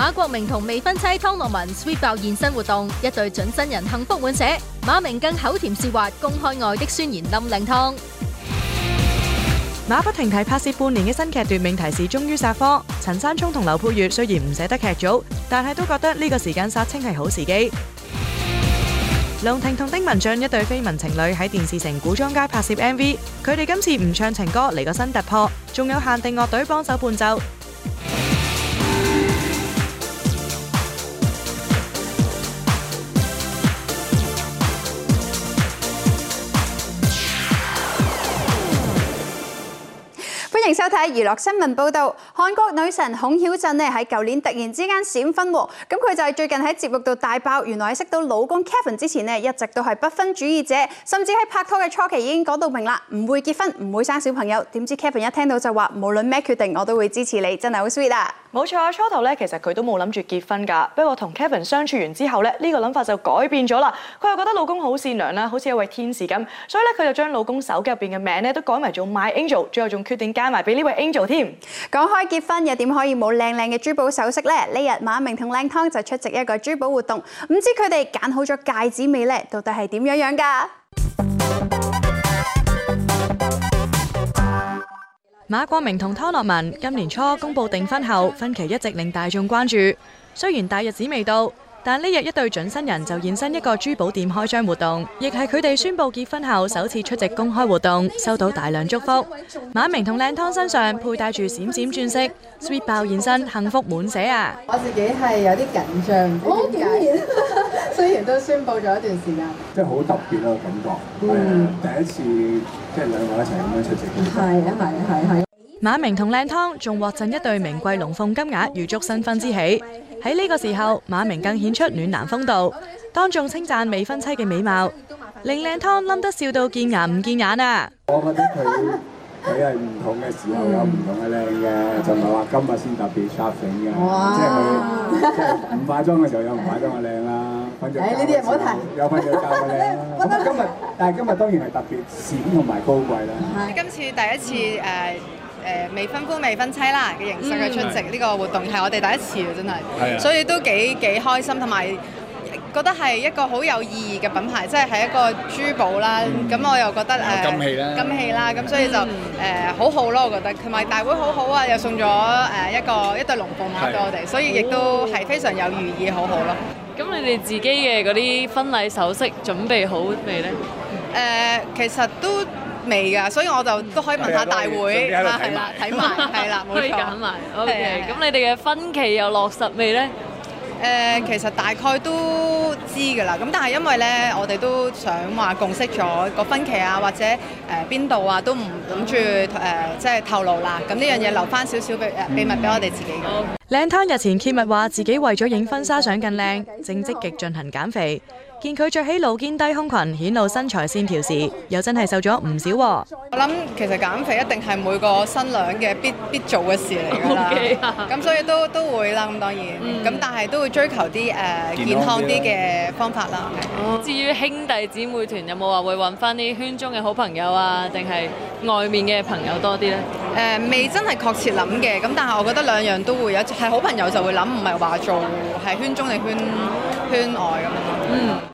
馬國明同未婚妻湯洛雯 sweet 爆現身活動，一對準新人幸福滿寫。馬明更口甜舌滑，公開愛的宣言冧靚湯。馬不停蹄拍攝半年嘅新劇奪命提示終於殺科，陳山聰同劉佩玥雖然唔捨得劇組，但係都覺得呢個時間殺青係好時機。梁婷同丁文俊一對緋聞情侶喺電視城古裝街拍攝 M V，請收睇娛樂新聞報道。韓國女神孔曉振咧喺舊年突然之間閃婚喎，咁、嗯、佢就係最近喺節目度大爆，原來喺識到老公 Kevin 之前咧一直都係不婚主義者，甚至喺拍拖嘅初期已經講到明啦，唔會結婚，唔會生小朋友。點知 Kevin 一聽到就話，無論咩決定我都會支持你，真係好 sweet 啊！冇錯啊，初頭咧其實佢都冇諗住結婚噶，不過同 Kevin 相處完之後咧呢、這個諗法就改變咗啦，佢又覺得老公好善良啦，好似一位天使咁，所以咧佢就將老公手機入邊嘅名咧都改埋做 My Angel，最後仲決定加埋。俾呢位 Angel 添。講開結婚又點可以冇靚靚嘅珠寶首飾呢？呢日馬明同靚湯就出席一個珠寶活動，唔知佢哋揀好咗戒指未呢？到底係點樣樣㗎？馬國明同湯洛雯今年初公布訂婚後，婚期一直令大眾關注。雖然大日子未到。但呢日一對準新人就現身一個珠寶店開張活動，亦係佢哋宣布結婚後首次出席公開活動，收到大量祝福。馬明同靚湯身上佩戴住閃閃鑽飾，sweet 爆現身，幸福滿瀉啊！我自己係有啲緊張，好驚然，雖然都宣布咗一段時間，真係好特別嘅感覺，第一次即係兩個一齊咁樣出席。係啊，係啊，係啊，係啊。馬明同靚湯仲獲贈一對名貴龍鳳金鈪，預祝新婚之喜。喺呢個時候，馬明更顯出暖男風度，當眾稱讚未婚妻嘅美貌，令靚湯冧得笑到見牙唔見眼啊！我覺得佢佢係唔同嘅時候有唔同嘅靚嘅，就唔係話今日先特別 shopping 嘅，即係佢即係唔化妝嘅時候有唔化妝嘅靚啦，有粉咗膠嘅靚。咁今日，但係今日當然係特別閃同埋高貴啦。係今次第一次誒，誒，未婚夫未婚妻啦嘅形式嘅出席呢個活動係我哋第一次嘅，真係，所以都幾幾開心，同埋覺得係一個好有意義嘅品牌，即係係一個珠寶啦。咁我又覺得誒金器啦，金器啦，咁所以就誒好好咯，我覺得同埋大會好好啊，又送咗誒一個一對龍鳳鈪俾我哋，所以亦都係非常有寓意，好好咯。咁你哋自己嘅嗰啲婚禮首飾準備好未呢？誒，其實都。未噶，所以我就、嗯、都可以問下大會啦，係啦，睇埋， 係啦，冇錯，揀埋的，OK。咁你哋嘅分期又落實未呢？誒、呃，其實大概都知㗎啦。咁但係因為咧，我哋都想話共識咗個分期啊，或者誒邊度啊，都唔諗住誒，即、呃、係、就是、透露啦。咁呢樣嘢留翻少少嘅秘密俾、嗯、我哋自己。靚湯、嗯 okay、好日前揭密話，自己為咗影婚紗相更靚，正積極進行減，減，減肥。見佢着起露肩低胸裙，顯露身材線條時，又真係瘦咗唔少。我諗其實減肥一定係每個新娘嘅必必做嘅事嚟噶啦。咁 Okay. 所以都都會啦，咁當然，咁、嗯、但係都會追求啲誒健康啲嘅方法啦。哦、至於兄弟姊妹團有冇話會揾翻啲圈中嘅好朋友啊，定係外面嘅朋友多啲呢？誒、呃，未真係確切諗嘅。咁但係我覺得兩樣都會有，係好朋友就會諗，唔係話做係圈中定圈圈外咁咯。嗯。嗯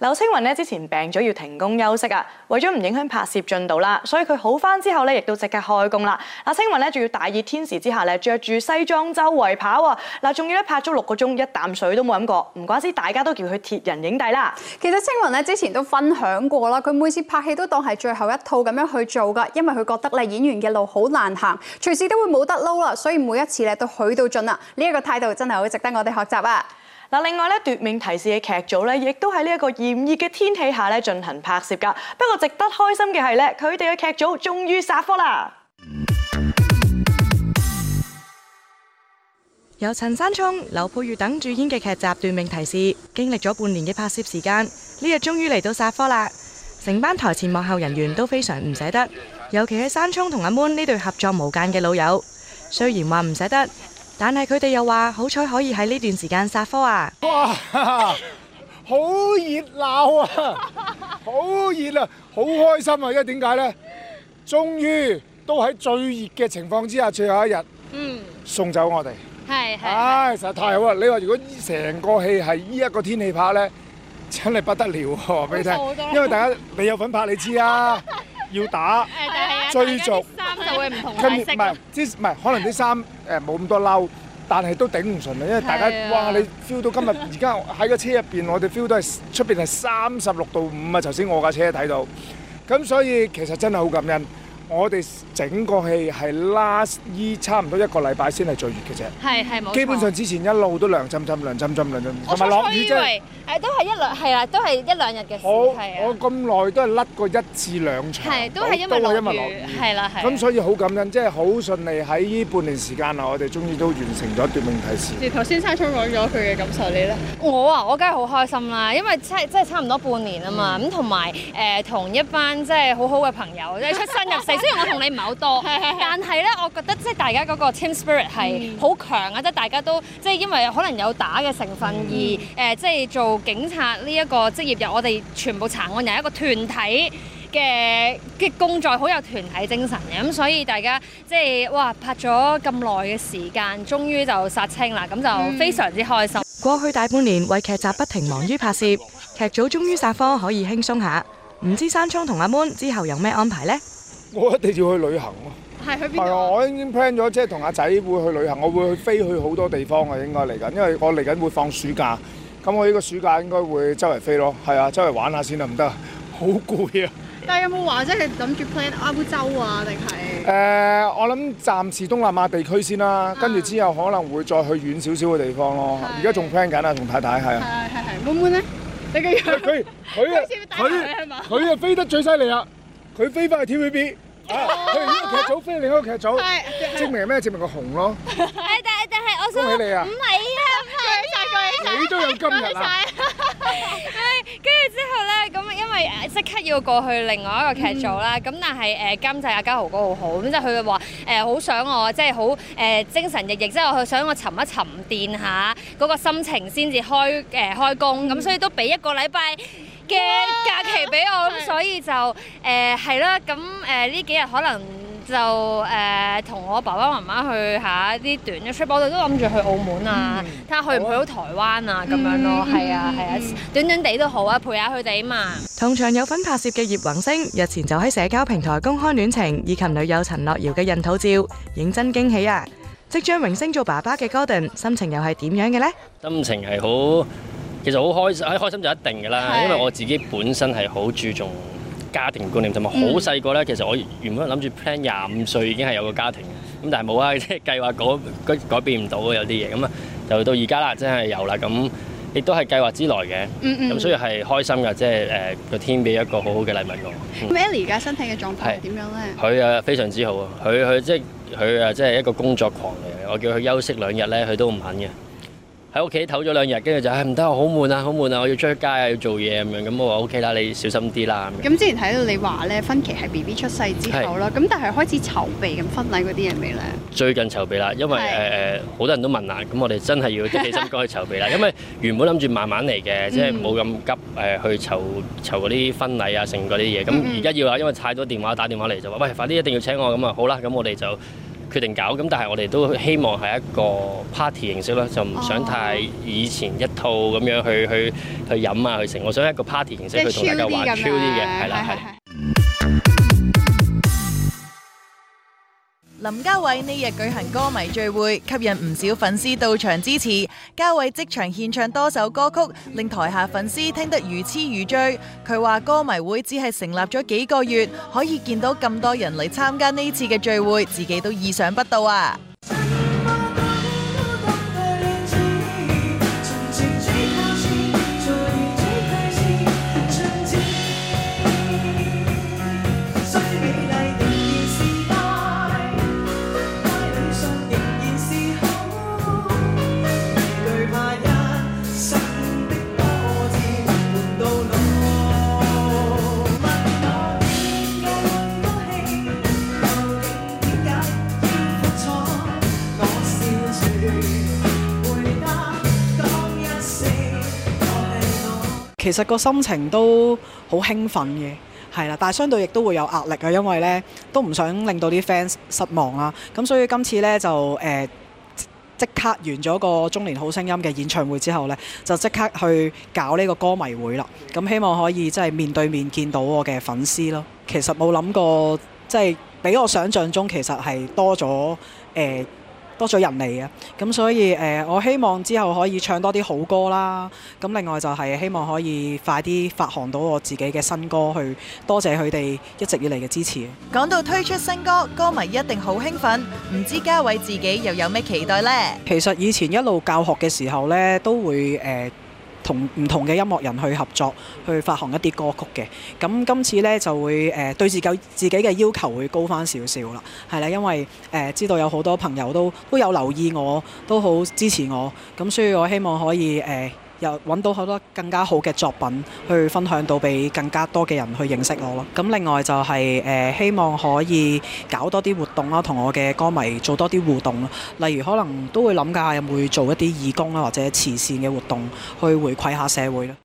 劉青雲咧之前病咗要停工休息啊，為咗唔影響拍攝進度啦，所以佢好翻之後咧，亦都即刻開工啦。嗱，青雲咧仲要大熱天時之下咧，着住西裝周圍跑啊、哦，嗱，仲要咧拍足六個鐘，一啖水都冇飲過。唔怪之大家都叫佢鐵人影帝啦。其實青雲咧之前都分享過啦，佢每次拍戲都當係最後一套咁樣去做噶，因為佢覺得咧演員嘅路好難行，隨時都會冇得撈啦，所以每一次咧都許到盡啦。呢、這、一個態度真係好值得我哋學習啊！嗱，另外咧，《奪命提示》嘅劇組咧，亦都喺呢一個炎熱嘅天氣下咧進行拍攝噶。不過，值得開心嘅係咧，佢哋嘅劇組終於殺科啦！由陳山聰、劉佩玥等主演嘅劇集《奪命提示》，經歷咗半年嘅拍攝時間，呢日終於嚟到殺科啦！成班台前幕後人員都非常唔捨得，尤其係山聰同阿 moon 呢對合作無間嘅老友，雖然話唔捨得，但係佢哋又話好彩可以喺呢段時間殺科啊！哇，好熱鬧啊，好熱啊，好開心啊！因為點解咧？終於都喺最熱嘅情況之下最後一日，嗯，送走我哋，係唉、哎，實在太好啦！是你話如果成個戲係依一個天氣拍咧，真係不得了喎、啊！俾你聽，因為大家未有份拍你知啊。 要打， 的追逐，跟住唔係，之唔係，可能啲衫誒冇咁多褸，但係都頂唔順啦。因為大家 哇，你 feel 到今日而家喺個車入邊，我哋 feel 到係出邊係三十六度五啊！頭先我架車睇到，咁所以其實真係好感恩。我哋整個戲係 last 依差唔多一個禮拜先係最熱嘅啫，係係冇錯。基本上之前一路都涼浸浸、涼浸浸、涼浸浸，同埋落雨即係誒都係一兩係啊，都係一兩日嘅事。好，我咁耐都係甩過一至兩場，都係因為落雨。係啦係。咁所以好感恩，即係好順利喺呢半年時間內，我哋終於都完成咗一段命題事，頭先生充講咗佢嘅感受，你咧？我啊，我梗係好開心啦，因為真係真係差唔多半年啊嘛。咁同埋誒同一班即係好好嘅朋友，即係出生入死。 雖然我同你唔係好多， 但係咧， 我覺得即係大家嗰個 team spirit 係好強啊！即係、嗯、大家都即係因為可能有打嘅成分而誒、嗯呃，即係做警察呢一個職業，又我哋全部查案又係一個團體嘅嘅工作，好有團體精神嘅咁，所以大家即係哇拍咗咁耐嘅時間，終於就殺青啦，咁就非常之開心。嗯、過去大半年為劇集不停忙於拍攝，劇組終於殺科，可以輕鬆下。唔知山聰同阿 Moon 之後有咩安排呢？我一定要去旅行咯，啊，係去邊？係啊，我已經 plan 咗，即係同阿仔會去旅行，我會去飛去好多地方啊！應該嚟緊，因為我嚟緊會放暑假，咁我呢個暑假應該會周圍飛咯，啊，係啊，周圍玩下先啊，唔得啊，好攰啊。但係有冇話即係諗住 plan 亞洲啊，定係？誒，我諗暫時東南亞地區先啦，啊，跟住，啊、之後可能會再去遠少少嘅地方咯，啊。而家仲 plan 緊啊，同太太係啊。係係係。咁佢咧？你嘅佢，佢啊，佢啊飛得最犀利啊！佢飛翻去 TVB，佢呢個劇組飛去另一個劇組，證明係咩？證明個紅咯。係，但係但係，我想恭喜你啊！唔係啊，恭喜曬，恭喜曬，恭喜曬！哎，跟住之後咧，咁因為即刻要過去另外一個劇組啦，咁但係誒今次阿家豪哥好好，咁即係佢就話誒好想我，即係好誒精神奕奕，即係佢想我沉一沉澱下嗰個心情先至開誒開工，咁所以都俾一個禮拜。嘅假期俾我，咁所以就誒係啦，咁誒呢幾日可能就誒同我爸爸媽媽去下一啲短嘅 trip，我哋都諗住去澳門啊，睇下去唔去到台灣啊咁樣咯，係啊係啊，短短地都好啊，陪下佢哋啊嘛。同場有份拍攝嘅葉宏星，日前就喺社交平台公開戀情，以及女友陳樂瑤嘅孕肚照，認真驚喜啊！即將榮升做爸爸嘅 Gordon，心情又係點樣嘅呢？心情係好。其實好開心，開心就一定㗎啦，是因為我自己本身係好注重家庭觀念，同埋好細個咧。嗯、其實我原本諗住 plan 廿五歲已經係有個家庭嘅，咁但係冇啊，即係計劃改改改變唔到有啲嘢咁啊，就到而家啦，真係有啦，咁亦都係計劃之內嘅。咁、嗯嗯、所以係開心㗎，即係誒個天俾一個好好嘅禮物㗎。咁 Ellie 而家身體嘅狀態點樣咧？佢啊非常之好啊，佢佢即係佢啊即係一個工作狂嚟嘅。我叫佢休息兩日咧，佢都唔肯嘅。喺屋企唞咗兩日，跟住就唉唔得啊，好、哎、悶啊，好悶啊，我要出街啊，要做嘢咁樣。咁我話 OK 啦，你小心啲啦。咁之前睇到你話咧婚期係 B B 出世之後啦，咁是但係開始籌備咁婚禮嗰啲嘢未咧？最近籌備啦，因為誒好是、呃、多人都問啊，咁我哋真係要即係起心肝去籌備啦。 因為原本諗住慢慢嚟嘅， 即係唔好咁急誒、呃、去籌籌嗰啲婚禮啊，成嗰啲嘢。咁而家要啦，因為太多電話打電話嚟就話喂，快啲一定要請我咁啊，好啦，咁我哋就。決定搞，但係我哋都希望係一個 party 形式啦，就唔想太以前一套咁樣去去去飲啊，去食。我想一個 party 形式去同大家玩 chill 啲嘅，林家偉呢日舉行歌迷聚會，吸引唔少粉絲到場支持。家偉即場獻唱多首歌曲，令台下粉絲聽得如痴如醉。佢話歌迷會只係成立咗幾個月，可以見到咁多人嚟參加呢次嘅聚會，自己都意想不到啊。其實個心情都好興奮嘅，係啦，但係相對亦都會有壓力啊，因為呢都唔想令到啲 fans 失望啦、啊。咁所以今次呢，就誒、呃、即刻完咗個中年好聲音嘅演唱會之後呢，就即刻去搞呢個歌迷會啦。咁、嗯、希望可以即係面對面見到我嘅粉絲咯。其實冇諗過即係比我想象中其實係多咗誒。呃多咗人嚟啊！咁所以誒、呃、我希望之後可以唱多啲好歌啦。咁另外就係希望可以快啲發行到我自己嘅新歌，去多謝佢哋一直以嚟嘅支持。講到推出新歌，歌迷一定好興奮，唔知嘉偉自己又有咩期待咧？其實以前一路教學嘅時候咧，都會誒。呃同唔同嘅音樂人去合作，去發行一啲歌曲嘅。咁今次呢，就會誒、呃、對自己自己嘅要求會高返少少啦，係啦，因為誒、呃、知道有好多朋友都都有留意我，都好支持我，咁所以我希望可以誒。呃又揾到好多更加好嘅作品去分享到俾更加多嘅人去認識我咯。咁另外就係誒希望可以搞多啲活動啦，同我嘅歌迷做多啲互動咯。例如可能都會諗下有冇做一啲義工啊或者慈善嘅活動去回饋下社會咯。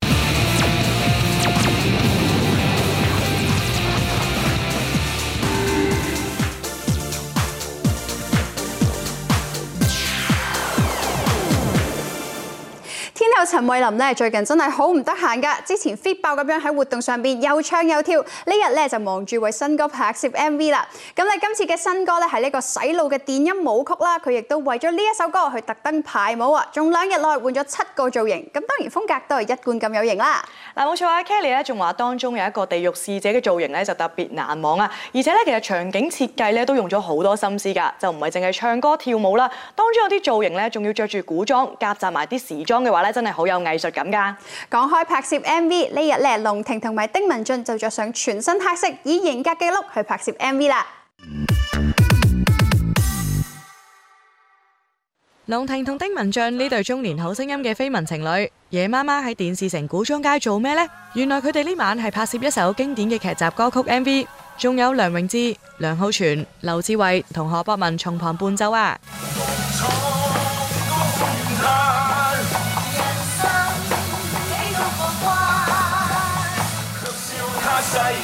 陳慧琳咧最近真係好唔得閒㗎，之前 fit 爆咁樣喺活動上邊又唱又跳，呢日咧就忙住為新歌拍攝 MV 啦。咁咧今次嘅新歌咧係呢個洗腦嘅電音舞曲啦，佢亦都為咗呢一首歌去特登排舞啊，仲兩日內換咗七個造型，咁當然風格都係一貫咁有型啦。嗱冇錯啊，Kelly 咧仲話當中有一個地獄使者嘅造型咧就特別難忘啊，而且咧其實場景設計咧都用咗好多心思㗎，就唔係淨係唱歌跳舞啦，當中有啲造型咧仲要着住古裝，夾雜埋啲時裝嘅話咧真係。好有藝術感噶！講開拍攝 MV，呢日咧龍婷同埋丁文俊就着上全身黑色，以型格記錄去拍攝 MV 啦。龍婷同丁文俊呢對中年好聲音嘅緋聞情侶，夜媽媽喺電視城古裝街做咩呢？原來佢哋呢晚係拍攝一首經典嘅劇集歌曲 MV，仲有梁詠芝、梁浩全、劉志偉同何博文從旁伴奏啊！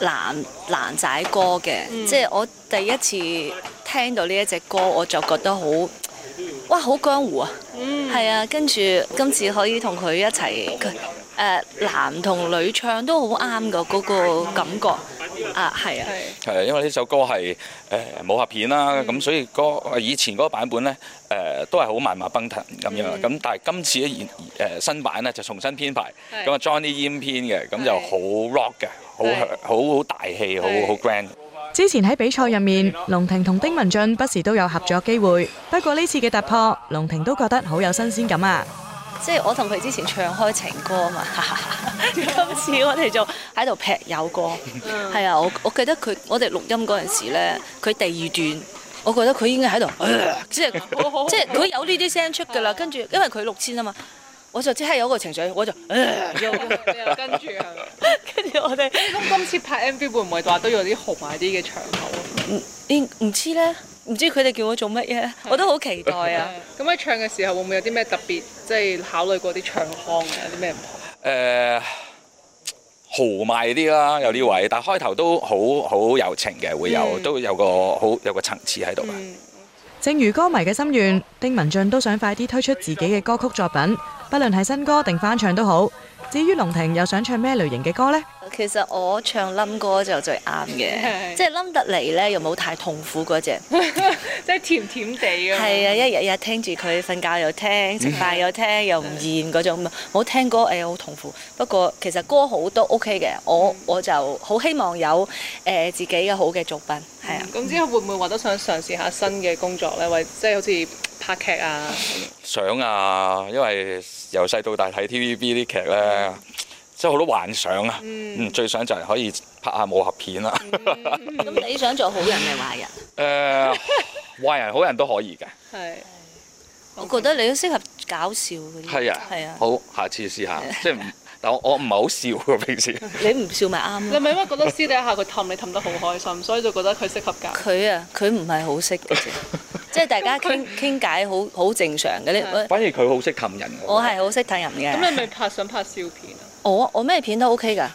男男仔歌嘅，嗯、即係我第一次聽到呢一隻歌，我就覺得好，哇，好江湖啊！係、嗯、啊，跟住今次可以同佢一齊，誒、呃、男同女唱都好啱噶，嗰個感覺啊，係係、啊，係因為呢首歌係誒武俠片啦、啊，咁、嗯、所以歌、嗰個、以前嗰個版本咧誒。呃都係好萬馬奔騰咁樣，咁但係今次咧誒新版咧就重新編排，咁啊 join 啲音編嘅，咁就好 rock 嘅，好響，好好大氣，好好 grand。之前喺比賽入面，龍庭同丁文俊不時都有合作機會，不過呢次嘅突破，龍庭都覺得好有新鮮感啊！即係我同佢之前唱開情歌啊嘛，今次我哋就喺度劈友歌，係啊！我我記得佢，我哋錄音嗰陣時咧，佢第二段。我覺得佢應該喺度，即係即係佢有呢啲聲出㗎啦。 跟住，因為佢六千啊嘛，我就即刻有個情緒，我就、呃， 跟住，跟、嗯、住 我哋。咁今 次拍 MV 會唔會話都有啲紅埋啲嘅場口啊？唔、嗯，知咧，唔知佢哋叫我做乜嘢，我都好期待啊。咁喺 唱嘅時候會唔會有啲咩特別，即、就、係、是、考慮過啲唱腔有啲咩唔同？誒。 豪邁啲啦，有呢位，但係開頭都好好有情嘅，會有都有個好有個層次喺度。正如歌迷嘅心願，丁文俊都想快啲推出自己嘅歌曲作品，不論係新歌定翻唱都好。至於龍庭又想唱咩類型嘅歌呢？其實我唱冧歌就最啱嘅，的即係冧得嚟咧又冇太痛苦嗰隻， 即係甜甜地。係啊，一日日聽住佢瞓覺又聽，食飯又聽，又唔厭嗰種。冇的聽歌誒好、欸、痛苦。不過其實歌好多 OK 嘅，我我就好希望有誒、呃、自己嘅好嘅作品。係啊。咁之後會唔會話都想嘗試下新嘅工作咧？或者即係好似拍劇啊、想啊，因為由細到大睇 TVB 啲劇咧。嗯即係好多幻想啊！嗯，最想就係可以拍下武俠片啦。咁你想做好人定壞人？誒，壞人、好人都可以嘅。係，我覺得你都適合搞笑啲。係啊，係啊。好，下次試下。即係，但我唔係好笑嘅，平時。你唔笑咪啱？你係咪覺得私底下佢氹你氹得好開心，所以就覺得佢適合搞。佢啊，佢唔係好識嘅，即係大家傾傾偈好好正常嘅。你反而佢好識氹人。我係好識氹人嘅。咁你咪拍想拍笑片？我我咩片都 O K 噶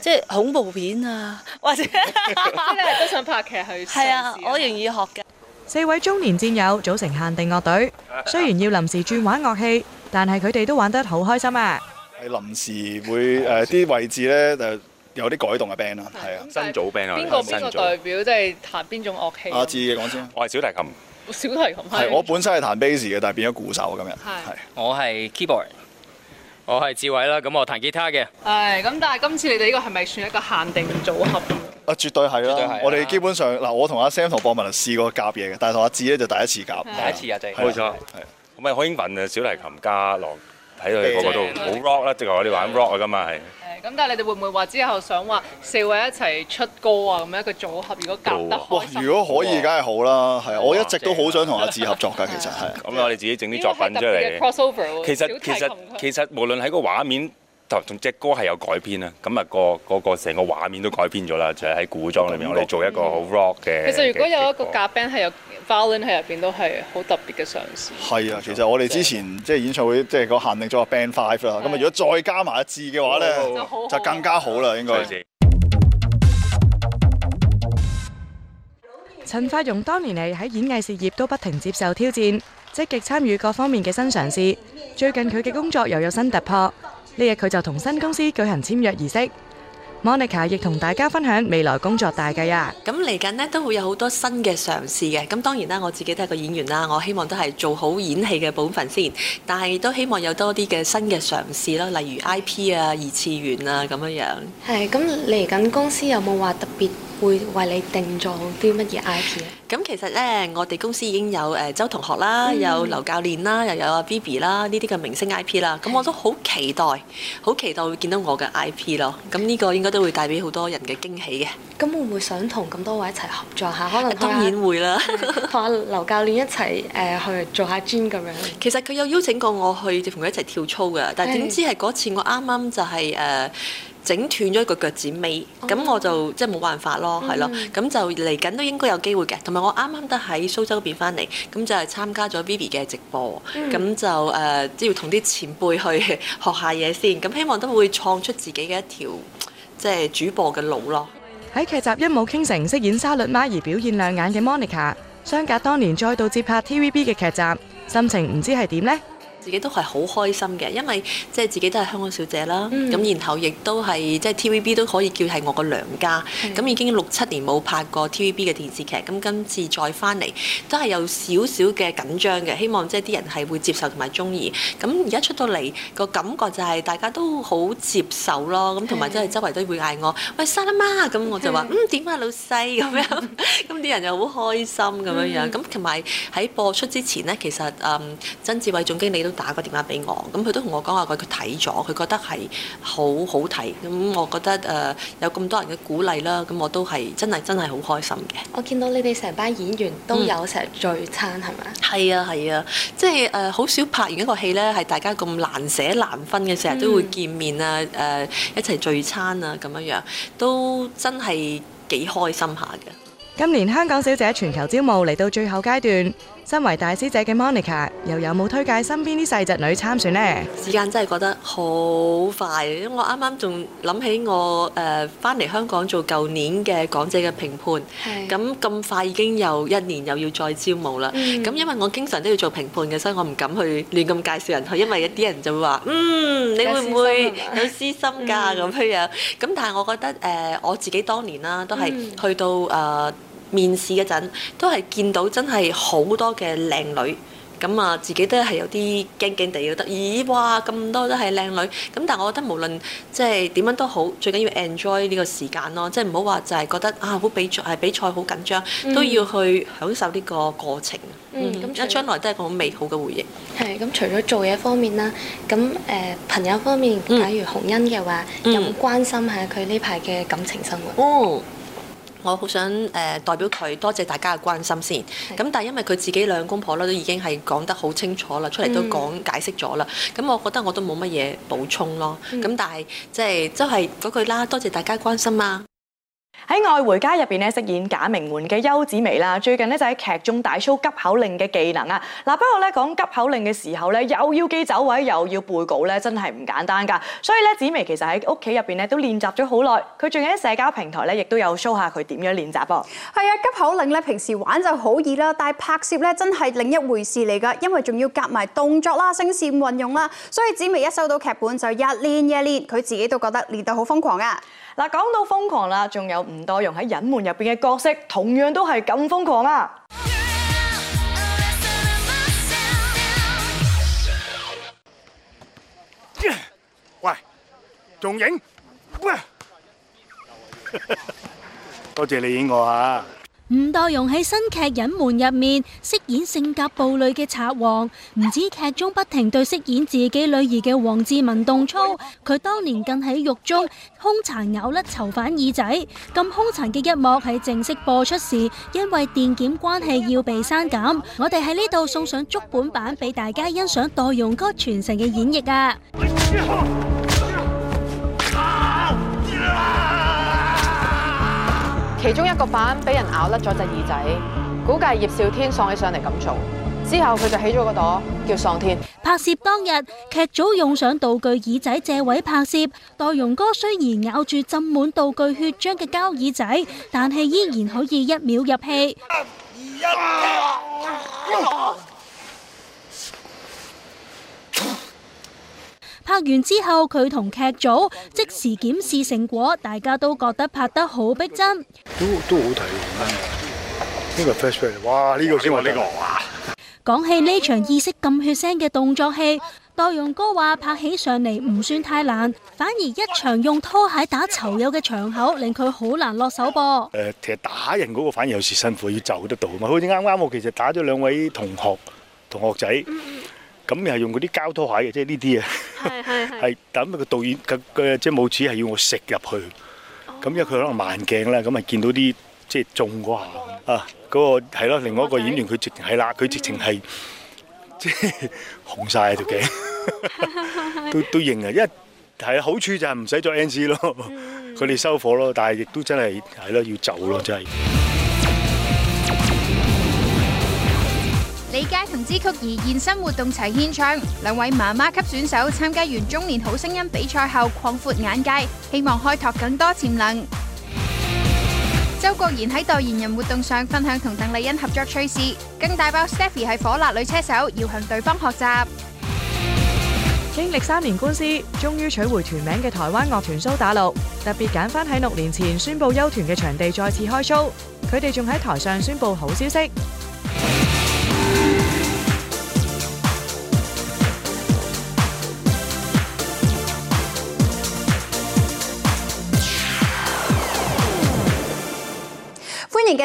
即係恐怖片啊，或者即係都想拍劇去。係啊，我願意學嘅。四位中年戰友組成限定樂隊，雖然要臨時轉玩樂器，但係佢哋都玩得好開心啊！係臨時會誒啲位置咧，誒有啲改動嘅 band 啦，係啊，新組 band 啊嘛。邊個邊個代表即係彈邊種樂器？阿志嘅講先，我係小提琴。小提琴係我本身係彈 bass 嘅，但係變咗鼓手咁樣。係我係 keyboard。我係志偉啦，咁我彈吉他嘅。誒、哎，咁但係今次你哋呢個係咪算一個限定組合啊？啊，絕對係啦！我哋基本上嗱，我同阿 Sam 同博文啊試過夾嘢嘅，但係同阿志咧就第一次夾，第一次啊，正對。冇錯對，係。咁咪海英文嘅小提琴家樂喺你個個都好 rock 啦對，直頭我哋玩 rock 都唔係。咁但係你哋會唔會話之後想話四位一齊出歌啊？咁樣一個組合，如果夾得，如果可以，梗係好啦。係啊哇，對我一直都好想同阿志合作㗎。其實係咁 對我哋自己整啲作品出嚟實。其實其實其實無論喺個畫面，同隻歌係有改編啊。咁、那、啊、個，個嗰個成個畫面都改編咗啦。仲、就、喺、是、古裝裏面，覺我哋做一個好 rock 嘅、嗯。其實如果有一個夾 band 係有。巴倫喺入邊都係好特別嘅嘗試。係啊，其實我哋之前即係演唱會，即係個限定咗 band five 啦。咁啊，如果再加埋一支嘅話咧，就更加好啦。應該陳法蓉多年嚟喺演藝事業都不停接受挑戰，積極參與各方面嘅新嘗試。最近佢嘅工作又有新突破，呢日佢就同新公司舉行簽約儀式。Monica 亦同大家分享未來工作大計啊！咁嚟緊呢，都會有好多新嘅嘗試嘅，咁當然啦，我自己都係一個演員啦，我希望都係做好演戲嘅本分先，但係都希望有多啲嘅新嘅嘗試咯，例如 IP 啊、二次元啊咁樣樣。係咁嚟緊公司有冇話特別會為你定做啲乜嘢 IP 啊？咁其實咧，我哋公司已經有誒、呃、周同學啦，嗯、有劉教練啦，又有阿 B B 啦，呢啲嘅明星 I P 啦，咁、嗯、我都好期待，好期待會見到我嘅 I P 咯。咁呢、嗯、個應該都會帶俾好多人嘅驚喜嘅。咁、嗯、會唔會想同咁多位一齊合作下？可能可、啊、當然會啦，同 阿、啊、劉教練一齊誒、呃、去做下 gym 咁樣。其實佢有邀請過我去同佢一齊跳操㗎，但係點知係嗰次我啱啱就係、是、誒。呃嗯整斷咗一個腳趾尾，咁我就、oh. 即係冇辦法咯，係咯、mm，咁、hmm. 就嚟緊都應該有機會嘅。同埋我啱啱得喺蘇州嗰邊翻嚟，咁就係參加咗 Vivi 嘅直播，咁、mm hmm. 就誒，都、呃、要同啲前輩去學下嘢先。咁希望都會創出自己嘅一條即係主播嘅路咯。喺劇集《一舞傾城》飾演沙律媽而表現亮眼嘅 Monica，相隔多年再度接拍 TVB 嘅劇集，心情唔知係點呢？自己都係好開心嘅，因為即係自己都係香港小姐啦，咁然後亦都係即係 TVB 都可以叫係我個娘家，咁已經六七年冇拍過 TVB 嘅電視劇，咁今次再翻嚟都係有少少嘅緊張嘅，希望即係啲人係會接受同埋中意，咁而家出到嚟個感覺就係大家都好接受咯，咁同埋即係周圍都會嗌我，喂沙拉媽，咁我就話嗯，點啊老細咁樣，咁啲人又好開心咁樣樣，咁同埋喺播出之前咧，其實誒曾志偉總經理。都打個電話俾我，咁佢都同我講話佢睇咗，佢覺得係好好睇。咁我覺得誒有咁多人嘅鼓勵啦，咁我都係真係真係好開心嘅。我見到你哋成班演員都有成日聚餐係咪？係、嗯、吧啊係啊，即係誒好少拍完一個戲咧，係大家咁難捨難分嘅時候都會見面啊，誒、嗯呃、一齊聚餐啊，咁樣樣都真係幾開心下嘅。今年香港小姐全球招募嚟到最後階段。身為大師姐嘅 Monica，又有冇推介身邊啲細侄女參選呢？時間真係覺得好快，因為我啱啱仲諗起我誒返嚟香港做舊年嘅港姐嘅評判，咁咁是快已經又一年又要再招募啦。咁、嗯、因為我經常都要做評判嘅，所以我唔敢去亂咁介紹人去，因為一啲人就會話：嗯，你會唔會有私心㗎咁樣？咁但係我覺得誒、呃，我自己當年啦、啊，都係去到誒。呃面試嗰陣，都係見到真係好多嘅靚女，咁啊自己都係有啲驚驚地覺得，咦哇咁多都係靚女，咁但係我覺得無論即係點樣都好，最緊要 enjoy 呢個時間咯，即係唔好話就係覺得啊好比賽係比賽好緊張，都要去享受呢個過程，嗯嗯、因為將來都係個好美好嘅回憶。係咁、嗯，嗯、除咗做嘢方面啦，咁誒、呃、朋友方面，假如洪恩嘅話，嗯嗯、有冇關心下佢呢排嘅感情生活？哦我好想、呃、代表佢多謝大家嘅關心先，咁但係因為佢自己兩公婆都已經係講得好清楚啦，出嚟都講、嗯、解釋咗啦，咁我覺得我都冇乜嘢補充咯，咁、嗯、但係即係都係嗰句啦，多謝大家關心啊！喺《愛回家》入邊咧飾演假名媛嘅邱子薇啦，最近咧就喺劇中大 show 急口令嘅技能啊！嗱，不過咧講急口令嘅時候咧，又要記走位又要背稿咧，真係唔簡單噶。所以咧，子薇其實喺屋企入邊咧都練習咗好耐，佢仲喺社交平台咧亦都有 show 下佢點樣練習噃。係啊，急口令咧平時玩就好易啦，但係拍攝咧真係另一回事嚟噶，因為仲要夾埋動作啦、聲線運用啦，所以子薇一收到劇本就一練一練，佢自己都覺得練得好瘋狂啊！嗱，講到瘋狂啦，仲有吳多榮喺隱門入邊嘅角色，同樣都係咁瘋狂啊！喂，仲影？哇，多謝你影我啊！吳岱融喺新劇《隱門》入面飾演性格暴戾嘅賊王，唔止劇中不停對飾演自己女兒嘅黃智雯動粗，佢當年更喺獄中兇殘咬甩囚犯耳仔。咁兇殘嘅一幕喺正式播出時，因為電檢關係要被刪減，我哋喺呢度送上竹本版俾大家欣賞岱融哥傳承嘅演繹啊。其中一個版俾人咬甩咗隻耳仔，估計係葉少天喪起上嚟咁做。之後佢就起咗個朵叫喪天。拍攝當日，劇組用上道具耳仔借位拍攝。代容哥雖然咬住浸滿道具血漿嘅膠耳仔，但係依然可以一秒入戲。 拍完之後，佢同劇組即時檢視成果，大家都覺得拍得好逼真，都都好睇呢個哇！呢、這個先話呢個、這個、哇！講起呢場意識咁血腥嘅動作戲，代容哥話拍起上嚟唔算太難，反而一場用拖鞋打囚友嘅場口令佢好難落手噃。誒、呃，其實打人嗰個反而有時辛苦，要就得到啊嘛。好似啱啱我其實打咗兩位同學同學仔。嗯嗯咁又係用嗰啲膠拖鞋嘅，即係呢啲啊，係係係，係是、就是、導演嘅即係冇紙係要我食入去，咁、哦、因為佢可能慢鏡啦，咁咪見到啲即係中嗰下啊，嗰、那個係咯，另外一個演員佢想直係啦，佢、嗯、直情係即係紅晒條頸，都都認啊，因為係好處就係唔使再 N C 咯，佢哋收火咯，但係亦都真係係咯，要走咯，真係。真 李佳同之曲兒現身活動齊獻唱，兩位媽媽級選手參加完中年好聲音比賽後，擴闊眼界，希望開拓更多潛能。周國賢喺代言人活動上分享同鄧麗欣合作趣事，更大爆 Stephy 係火辣女車手，要向對方學習。經歷三年官司，終於取回團名嘅台灣樂團蘇打綠，特別揀翻喺六年前宣布休團嘅場地再次開 show，佢哋仲喺台上宣布好消息。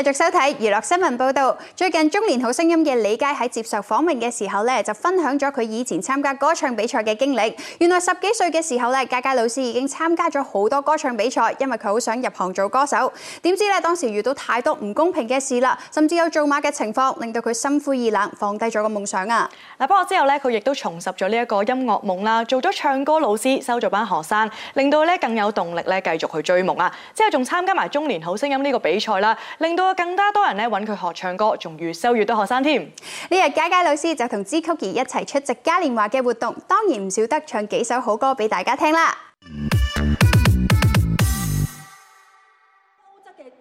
繼續收睇娛樂新聞報道。最近《中年好聲音》嘅李佳喺接受訪問嘅時候咧，就分享咗佢以前參加歌唱比賽嘅經歷。原來十幾歲嘅時候咧，佳佳老師已經參加咗好多歌唱比賽，因為佢好想入行做歌手。點知咧，當時遇到太多唔公平嘅事啦，甚至有造馬嘅情況，令到佢心灰意冷，放低咗個夢想啊！嗱，不過之後咧，佢亦都重拾咗呢一個音樂夢啦，做咗唱歌老師，收咗班學生，令到咧更有動力咧繼續去追夢啦。之後仲參加埋《中年好聲音》呢個比賽啦，令到更加多人咧揾佢學唱歌，仲越收越多學生添。呢日佳佳老師就同支曲兒一齊出席嘉年華嘅活動，當然唔少得唱幾首好歌俾大家聽啦。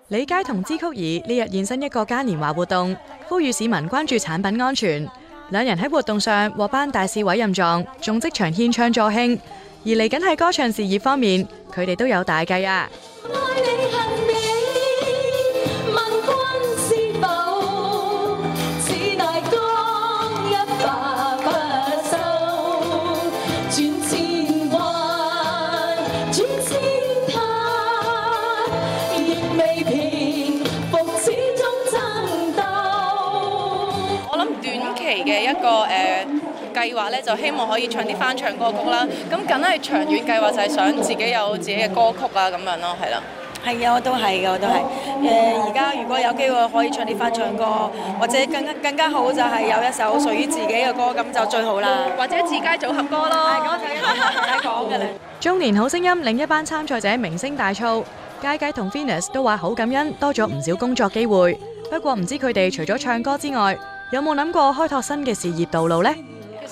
李佳同支曲兒呢日現身一個嘉年華活動，呼籲市民關注產品安全。兩人喺活動上獲頒大使委任狀，仲即場獻唱助興。而嚟緊喺歌唱事業方面，佢哋都有大計啊！個誒計劃咧，就希望可以唱啲翻唱歌曲啦。咁梗係長遠計劃就係想自己有自己嘅歌曲啊，咁樣咯，係啦。係啊，我都係嘅，我都係。誒而家如果有機會可以唱啲翻唱歌，或者更更加好就係有一首屬於自己嘅歌，咁就最好啦。或者自佳組合歌咯。係講嘅啦。中年好聲音另一班參賽者名聲大噪，佳佳同 Venus 都話好感恩，多咗唔少工作機會。不過唔知佢哋除咗唱歌之外，有冇諗過開拓新嘅事業道路呢？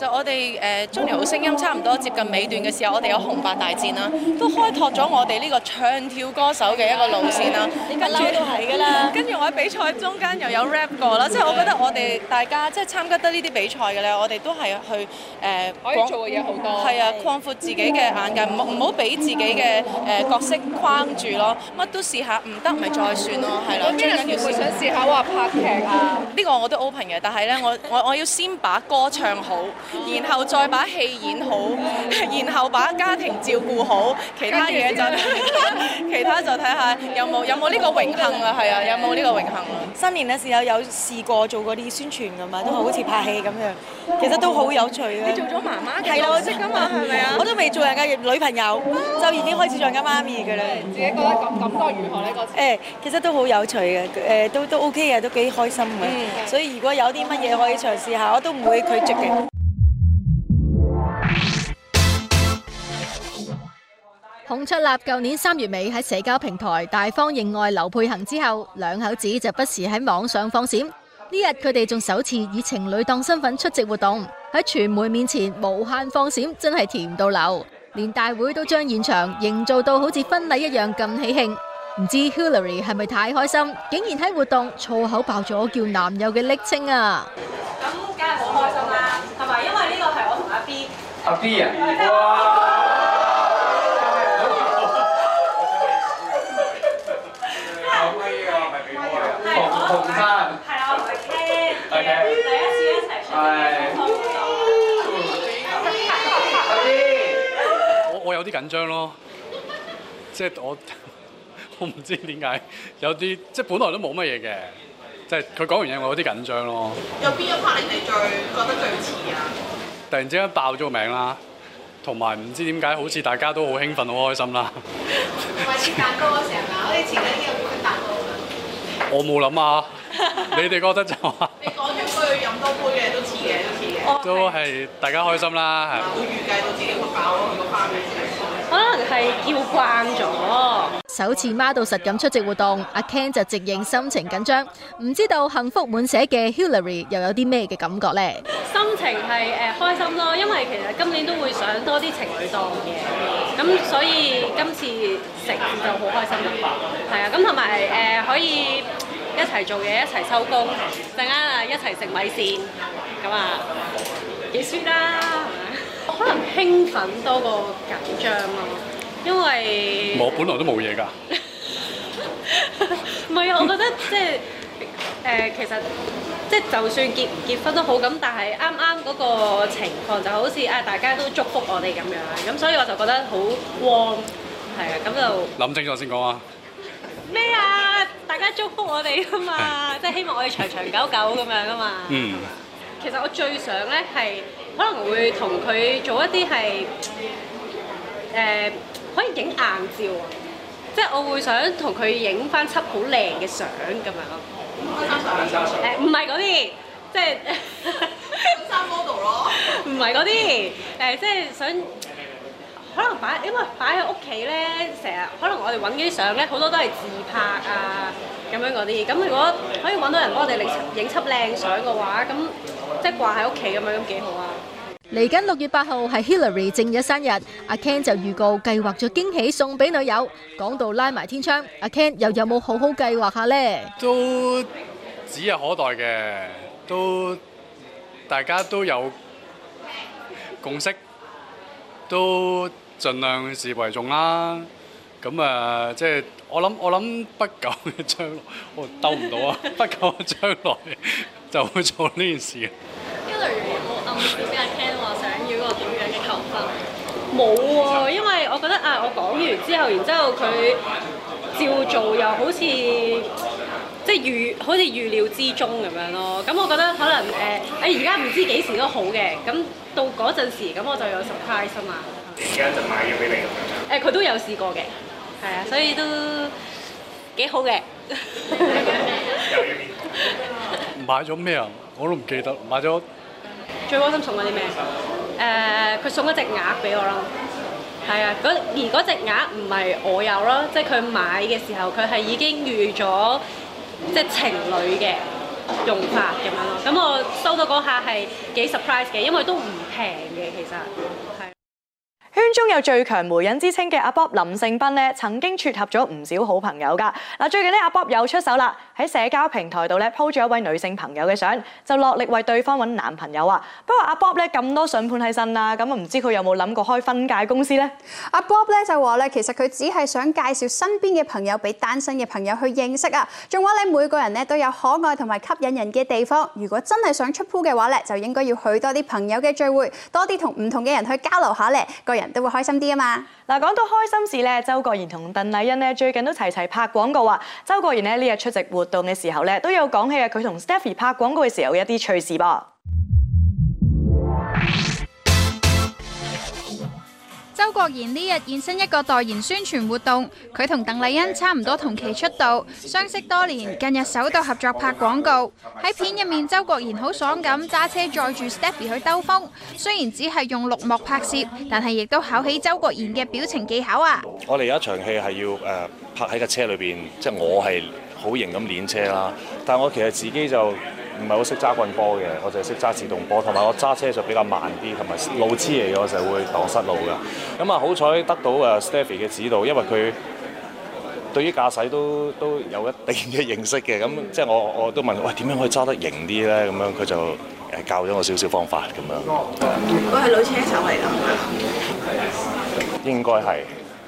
就我哋誒、呃《中年好聲音》差唔多接近尾段嘅時候，我哋有紅白大戰啦、啊，都開拓咗我哋呢個唱跳歌手嘅一個路線啦、啊。跟住都係㗎啦。跟住我喺比賽中間又有 rap 過啦，即係的我覺得我哋大家即係、就是、參加得呢啲比賽嘅咧，我哋都係去誒。呃、可以做嘅嘢好多。係啊，擴闊自己嘅眼界，唔唔好俾自己嘅誒、呃、角色框住咯。乜都試下，唔得咪再算咯，係啦的。啲人會想試下話拍劇啊。呢 個我都 open 嘅，但係咧，我我我要先把歌唱好。然後再把戲演好， 然後把家庭照顧好，其他嘢就 其他就睇下有冇有冇呢個榮幸啊！係的啊，有冇呢個榮幸啊？新年嘅時候有試過做嗰啲宣傳㗎嘛，都好似拍戲咁樣，其實都好有趣啊！你做咗媽媽係啦，即係嘛，係咪啊？我都未做人嘅女朋友， 就已經開始做人家媽咪㗎喇。自己覺得感感覺如何呢？個誒、欸，其實都好有趣嘅，誒、欸、都都 OK 嘅，都幾開心嘅。嗯、所以如果有啲乜嘢可以嘗試下，我都唔會拒絕嘅。洪卓立舊年三月尾喺社交平台大方認愛劉佩恒之後，兩口子就不時喺網上放閃。呢日佢哋仲首次以情侶檔身份出席活動，喺傳媒面前無限放閃，真係甜到流。連大會都將現場營造到好似婚禮一樣咁喜慶。唔知 Hillary 係咪太開心，竟然喺活動粗口爆咗叫男友嘅昵稱啊！咁梗係好開心啦，係咪？因為呢個係我同阿 B 阿 B 啊！緊張咯，即係我，我唔知點解有啲即係本來都冇乜嘢嘅，即係佢講完嘢我有啲緊張咯。有邊一 part 你哋最覺得最似啊？突然之間爆咗個名啦，同埋唔知點解好似大家都好興奮好開心啦。我切蛋糕嘅時候我哋前兩日會去蛋糕。我冇諗啊。 你哋覺得就 你？你講咗句飲多杯嘅都似嘅，都似嘅。都係、哦、大家開心啦，係。會預計到自己會爆，會爆咩？可能係叫慣咗。首次孖到實咁出席活動，阿 Ken 就直認心情緊張，唔知道幸福滿瀉嘅 Hillary 又有啲咩嘅感覺咧？心情係誒開心咯，因為其實今年都會想多啲情侶檔嘅，咁所以今次食就好開心啦。係啊，咁同埋誒可以。一齊做嘢，一齊收工，陣間啊一齊食米線，咁啊幾舒啦！我、啊、可能興奮多過緊張咯，因為我本來都冇嘢㗎。唔係啊，我覺得即係誒、呃，其實即係就算結唔結婚都好，咁但係啱啱嗰個情況就好似啊，大家都祝福我哋咁樣，咁所以我就覺得好 warm，係啊，咁就諗清楚先講啊。咩啊！大家祝福我哋啊嘛，即係 希望我哋長長久久咁樣啊嘛。嗯、其實我最想咧係可能會同佢做一啲係誒可以影硬照啊，即係我會想同佢影返輯好靚嘅相咁樣。誒唔係嗰啲，即係。山 model 咯。唔係嗰啲，誒、呃、即係想。可能擺，因為擺喺屋企咧，成日可能我哋揾啲相咧，好多都係自拍啊咁樣嗰啲。咁如果可以揾到人幫我哋影輯靚相嘅話，咁即係掛喺屋企咁樣，咁幾好啊！嚟緊六月八號係 Hillary 正日生日，阿 Ken 就預告計劃咗驚喜送俾女友，講到拉埋天窗，阿 Ken 又有冇好好計劃下咧？都指日可待嘅，都大家都有共識，都。盡量事為重啦，咁啊、呃，即係我諗，我諗不久嘅將來我兜唔到啊！哦、不， 不久嘅將來就會做呢件事。Taylor 有冇暗示俾阿 Ken 話想要一個點樣嘅求婚？冇啊、 哦！因為我覺得啊，我講完之後，然之後佢照做，又好似即係預好似預料之中咁樣咯、哦。咁我覺得可能誒，誒而家唔知幾時都好嘅，咁到嗰陣時，咁我就有 surprise 啊嘛。而家就買咗俾你咁佢、呃、都有試過嘅，係啊，所以都幾好嘅。有藥片。買咗咩啊？我都唔記得買咗。最開心送嗰啲咩？誒、呃，佢送咗隻鴨俾我咯。係啊，而嗰隻鴨唔係我有咯，即係佢買嘅時候，佢係已經預咗即係情侶嘅用法咁樣咯。咁我收到嗰下係幾 surprise 嘅，因為都唔平嘅其實。圈中有最強媒人之稱嘅阿 Bob 林盛斌咧，曾經撮合咗唔少好朋友噶。嗱，最近呢阿 Bob 又出手啦，喺社交平台度咧 po 咗一位女性朋友嘅相，就落力為對方揾男朋友啊。不過阿 Bob 咧，咁多順判上判喺身啊，咁唔知佢有冇諗過開婚介公司呢？阿、啊、Bob 咧就話咧，其實佢只係想介紹身邊嘅朋友俾單身嘅朋友去認識啊。仲話，你每個人咧都有可愛同埋吸引人嘅地方，如果真係想出 pool 嘅話咧，就應該要去多啲朋友嘅聚會，多啲同唔同嘅人去交流下咧，人都會開心啲啊嘛！嗱，講到開心事咧，周國賢同鄧麗欣咧最近都齊齊拍廣告啊。周國賢咧呢日出席活動嘅時候咧，都有講起啊佢同 Stephy 拍廣告嘅時候嘅一啲趣事噃。周國賢呢日現身一個代言宣傳活動，佢同鄧麗欣差唔多同期出道，相識多年，近日首度合作拍廣告。喺片入面，周國賢好爽咁揸車載住 Stephy 去兜風。雖然只係用綠幕拍攝，但係亦都考起周國賢嘅表情技巧啊！我哋有一場戲係要誒拍喺架車裏邊，即係我係好型咁練車啦，但我其實自己就。唔係好識揸棍波嘅，我就係識揸自動波，同埋我揸車就比較慢啲，同埋路痴嚟嘅，我就會蕩失路噶。咁啊，好彩得到誒 Stephy 嘅指導，因為佢對於駕駛都都有一定嘅認識嘅。咁即係我我都問喂，哎，點樣可以揸得型啲咧？咁樣佢就誒教咗我少少方法咁樣。我係老車手嚟㗎。應該係。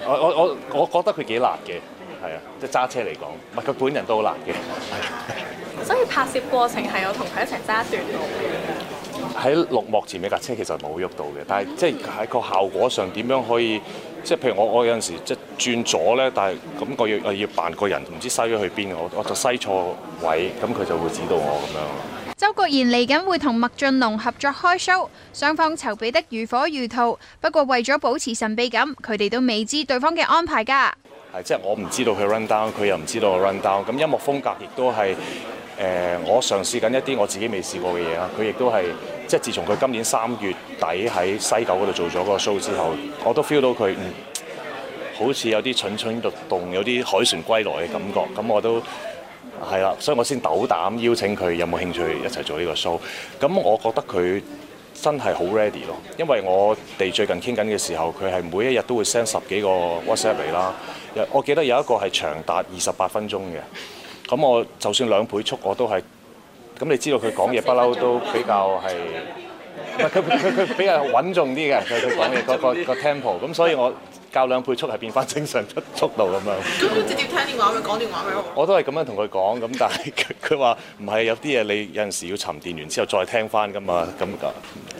我我我我覺得佢幾辣嘅，係啊的，即係揸車嚟講，唔係佢本人都好辣嘅。所以拍攝過程係我同佢一齊揸一段路嘅。喺綠幕前面架車其實冇喐到嘅，但係即係喺個效果上點樣可以，即係譬如我我有陣時即係轉左咧，但係咁我要我要扮個人，唔知西咗去邊我我就西錯位，咁佢就會指導我咁樣。周國賢嚟緊會同麥浚龍合作開 show，雙方籌備得如火如荼，不過為咗保持神秘感，佢哋都未知對方嘅安排㗎。係即係我唔知道佢 run down，佢又唔知道我 run down。咁音樂風格亦都係。誒、呃，我嘗試緊一啲我自己未試過嘅嘢啦。佢亦都係，即係自從佢今年三月底喺西九嗰度做咗個 show 之後，我都 feel 到佢，嗯，好似有啲蠢蠢欲動，有啲海船歸來嘅感覺。咁我都係啦，所以我先斗膽邀請佢有冇興趣一齊做呢個 show，嗯。咁我覺得佢真係好 ready 咯，因為我哋最近傾緊嘅時候，佢係每一日都會 send 十幾個 WhatsApp 嚟啦。我記得有一個係長達二十八分鐘嘅。咁我就算兩倍速我都係，咁你知道佢講嘢不嬲都比較係，唔係佢佢佢比較穩重啲嘅，佢佢講嘢個個個 tempo，咁 所以我教兩倍速係變翻正常嘅速度咁樣。咁佢直接聽電話，佢講電話咪好？我都係咁樣同佢講，咁但係佢佢話唔係，有啲嘢你有陣時要沉澱完之後再聽翻㗎嘛，咁㗎。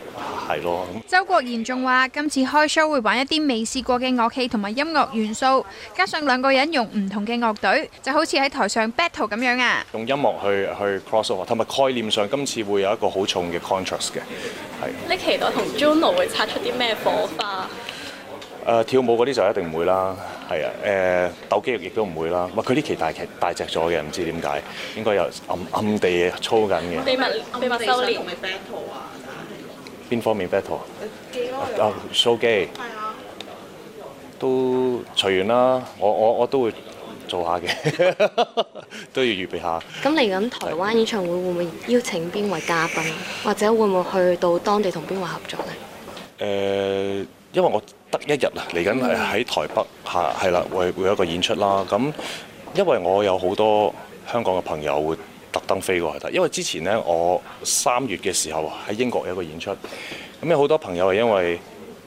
係咯。周國賢仲話今次開 show 會玩一啲未試過嘅樂器同埋音樂元素，加上兩個人用唔同嘅樂隊，就好似喺台上 battle 咁樣啊！用音樂去去 cross over，同埋概念上今次會有一個好重嘅 contrast 嘅，係。你期待同 Juno 會擦出啲咩火花？誒、呃，跳舞嗰啲就一定唔會啦，係啊，誒、呃，鬥肌肉亦都唔會啦。佢、呃、呢期大劇大隻咗嘅，唔知點解，應該又暗暗地操緊嘅。秘密秘密修煉啊！邊方面 battle？啊，show 機都隨緣啦。我我我都會做下嘅， 都要預備下。咁嚟緊台灣演唱會會唔會邀請邊位嘉賓， 或者會唔會去到當地同邊位合作呢？誒、呃，因為我得一日啊，嚟緊喺台北下係啦，會會有一個演出啦。咁因為我有好多香港嘅朋友會特登飛過去睇，因為之前呢，我三月嘅時候喺英國有個演出，咁有好多朋友係因為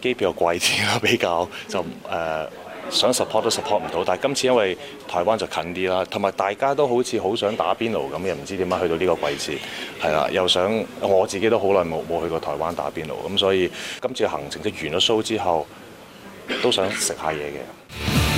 機票貴啲啦，比較就誒、呃、想 support 都 support 唔到，但係今次因為台灣就近啲啦，同埋大家都好似好想打邊爐咁，又唔知點解去到呢個季節係啦，又想我自己都好耐冇冇去過台灣打邊爐，咁所以今次行程即完咗 show 之後，都想食下嘢嘅。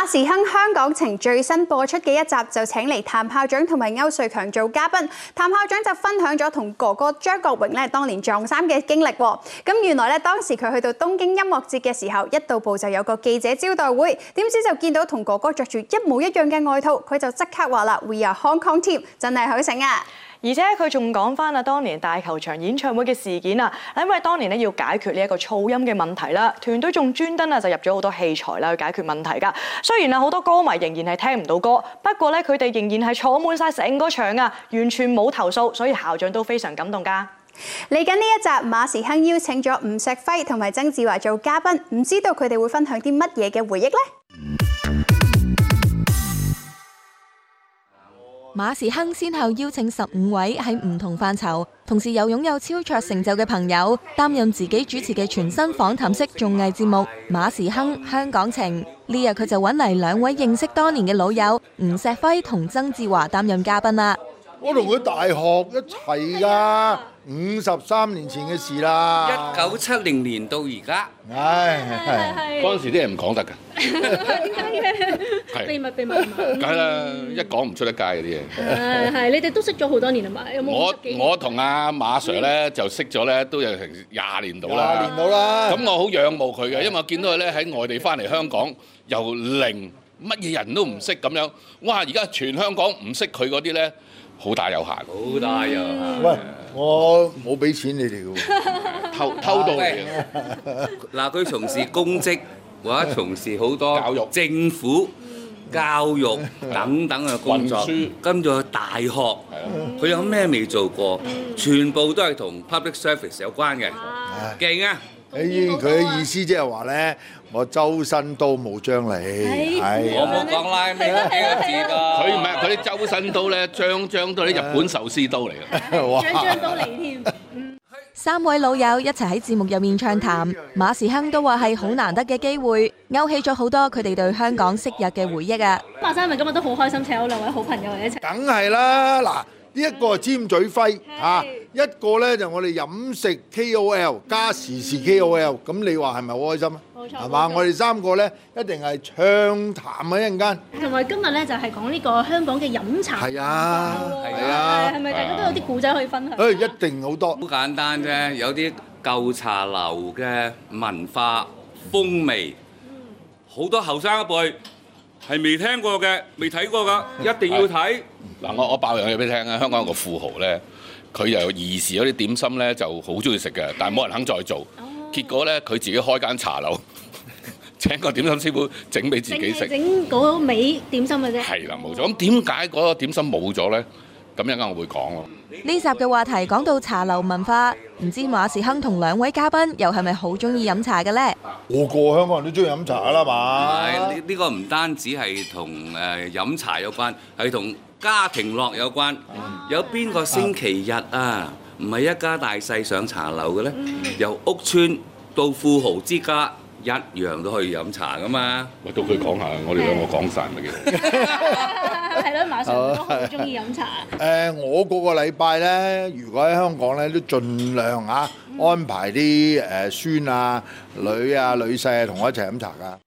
馬時亨香港情最新播出嘅一集就請嚟譚校長同埋歐瑞強做嘉賓，譚校長就分享咗同哥哥張國榮咧當年撞衫嘅經歷喎。咁原來咧當時佢去到東京音樂節嘅時候，一到步就有個記者招待會，點知就見到同哥哥着住一模一樣嘅外套，佢就即刻話啦：We are Hong Kong team，真係好醒啊！而且佢仲講翻啊，當年大球場演唱會嘅事件啊，因為當年咧要解決呢一個噪音嘅問題啦，團隊仲專登啊就入咗好多器材啦去解決問題噶。雖然啊好多歌迷仍然係聽唔到歌，不過咧佢哋仍然係坐滿晒成個場啊，完全冇投訴，所以校長都非常感動噶。嚟緊呢一集，馬時亨邀請咗吳錫輝同埋曾志華做嘉賓，唔知道佢哋會分享啲乜嘢嘅回憶呢？馬時亨先後邀請十五位喺唔同範疇，同時又擁有超卓成就嘅朋友，擔任自己主持嘅全新訪談式綜藝節目《馬時亨香港情》。呢日佢就揾嚟兩位認識多年嘅老友吳錫輝同曾志華擔任嘉賓啦。我同佢大學一齊㗎。五十三年前嘅事啦，一九七零年到而家，係嗰陣時啲人唔講得㗎，秘密秘密秘密，梗係啦，一講唔出得街嗰啲嘢。係你哋都識咗好多年啦嘛？有冇？我我同阿馬 sir 咧就識咗咧都有成廿年到啦，廿年到啦。咁我好仰慕佢嘅，因為我見到佢咧喺外地翻嚟香港，由零乜嘢人都唔識咁樣，哇！而家全香港唔識佢嗰啲咧，好大有限，好大有喂。我冇俾錢你哋嘅喎，偷偷渡嚟嘅。嗱，佢從事公職，或者從事好多教育、政府、教育等等嘅工作，跟住去大學，佢有咩未做過？全部都係同 public service 有關嘅，勁啊！誒，佢嘅意思即係話咧。我周身刀冇章嚟，我冇講拉咩字啦。佢唔係，佢啲周身刀咧，張張 都係啲日本壽司刀嚟㗎，張張、啊哇啊、都嚟添。嗯、三位老友一齊喺節目入面暢談，馬時亨都話係好難得嘅機會，勾起咗好多佢哋對香港昔日嘅回憶啊！馬生咪今日都好開心，請我兩位好朋友嚟一齊。梗係啦，嗱。呢一個係尖嘴輝嚇，一個咧就我哋飲食 K O L 加時事 K O L，咁你話係咪好開心啊？冇錯，係嘛？我哋三個咧一定係暢談啊！一陣間，同埋今日咧就係講呢個香港嘅飲茶，係啊係啊，係咪大家都有啲故仔可以分享？誒，一定好多，好簡單啫，有啲舊茶樓嘅文化風味，好多後生一輩。係未聽過嘅，未睇過㗎，一定要睇。嗱、啊，我我爆樣嘢俾你聽啊！香港有個富豪咧，佢又有兒時嗰啲點心咧就好中意食嘅，但係冇人肯再做。結果咧，佢自己開間茶樓， 請個點心師傅整俾自己食。整嗰味點心嘅啫。係啦，冇咗。咁點解嗰個點心冇咗咧？咁一陣間我會講咯。呢集嘅話題講到茶樓文化，唔知馬時亨同兩位嘉賓又係咪好中意飲茶嘅呢？個個香港人都中意飲茶啦嘛，呢呢、呢個唔單止係同誒飲茶有關，係同家庭樂有關。嗯、有邊個星期日啊，唔係一家大細上茶樓嘅呢？嗯、由屋村到富豪之家。一樣都可以飲茶㗎嘛，喂 Destiny，到佢講下，我哋兩個講晒咪幾好？係咯，馬上都好中意飲茶。誒，我個個禮拜咧，如果喺香港咧，都盡量啊安排啲誒孫啊、女啊、女婿啊同我一齊飲茶㗎。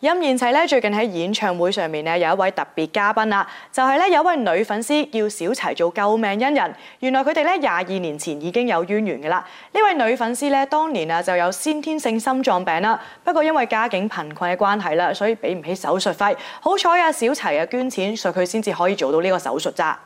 任賢齊咧，最近喺演唱會上面咧，有一位特別嘉賓啦，就係、是、咧有一位女粉絲叫小齊做救命恩人。原來佢哋咧廿二年前已經有淵源嘅啦。呢位女粉絲咧，當年啊就有先天性心臟病啦。不過因為家境貧困嘅關係啦，所以俾唔起手術費。好彩啊，小齊啊捐錢，所以佢先至可以做到呢個手術咋。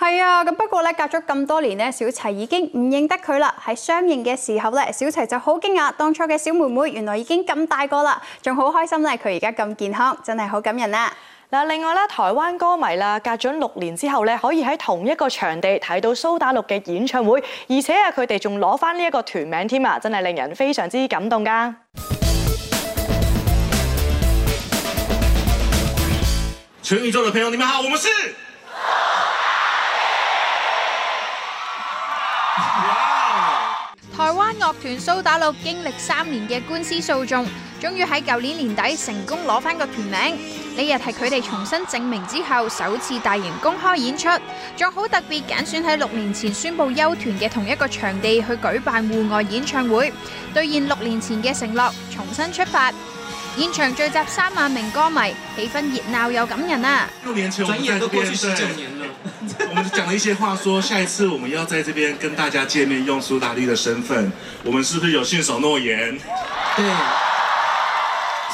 係啊，咁不過咧隔咗咁多年咧，小齊已經唔認得佢啦。喺相認嘅時候咧，小齊就好驚訝，當初嘅小妹妹原來已經咁大個啦，仲好開心咧佢而家咁健康，真係好感人啊！嗱，另外咧，台灣歌迷啦，隔咗六年之後咧，可以喺同一個場地睇到蘇打綠嘅演唱會，而且啊，佢哋仲攞翻呢一個團名添啊，真係令人非常之感動噶！全宇宙嘅朋友，你們好，我們是。台灣樂團蘇打綠經歷三年嘅官司訴訟，終於喺舊年年底成功攞返個團名。呢日係佢哋重新證明之後首次大型公開演出，仲好特別揀選喺六年前宣布休團嘅同一個場地去舉辦戶外演唱會，兌現六年前嘅承諾，重新出發。現場聚集三萬名歌迷，氣氛熱鬧又感人啊！六年前，我們已經都過去十九年了。我們講了一些話說，說下一次我們要在這邊跟大家見面，用蘇打綠的身份，我們是不是有信守諾言？對，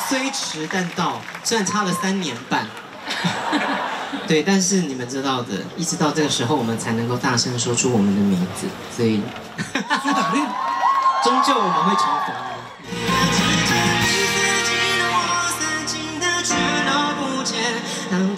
雖遲但到，雖然差了三年半， 對，但是你們知道的，一直到這個時候，我們才能夠大聲說出我們的名字，所以 蘇打綠，終究我們會重逢。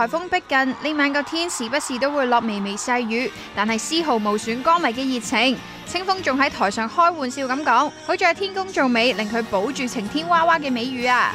颱風逼近，呢晚個天時不時都會落微微細雨，但係絲毫無損歌迷嘅熱情。清風仲喺台上開玩笑咁講：好在天公造美，令佢保住晴天娃娃嘅美譽啊！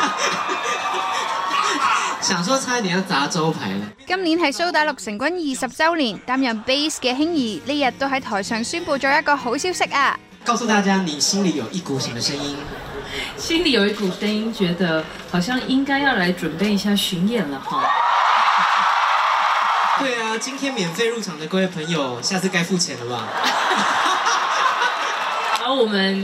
想說差啲要砸招牌啦！今年係蘇打綠成軍二十周年，擔任 base 嘅馨儀呢日都喺台上宣布咗一個好消息啊！告訴大家，你心裏有一股什麼聲音？心裏有一股聲音，覺得好像應該要來準備一下巡演了哈！ 對啊，今天免費入場的各位朋友，下次該付錢了吧？而 我們。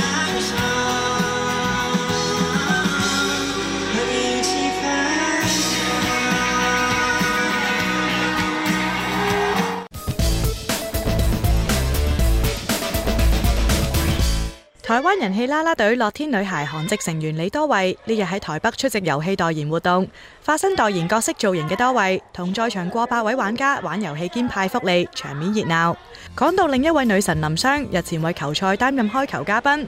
台灣人氣啦啦隊樂天女孩韓籍成員李多慧呢日喺台北出席遊戲代言活動，化身代言角色造型嘅多慧，同在場過百位玩家玩遊戲兼派福利，場面熱鬧。講到另一位女神林湘，日前為球賽擔任開球嘉賓。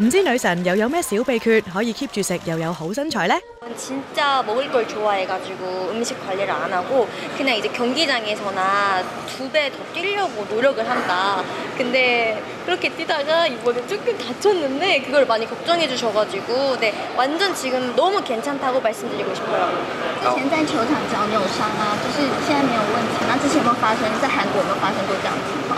唔知女神又有咩小秘訣可以 keep 住食又有好身材呢？我真係冇食嘅，所以唔會有問題。之前有冇發生過，喺韓國有冇發生過。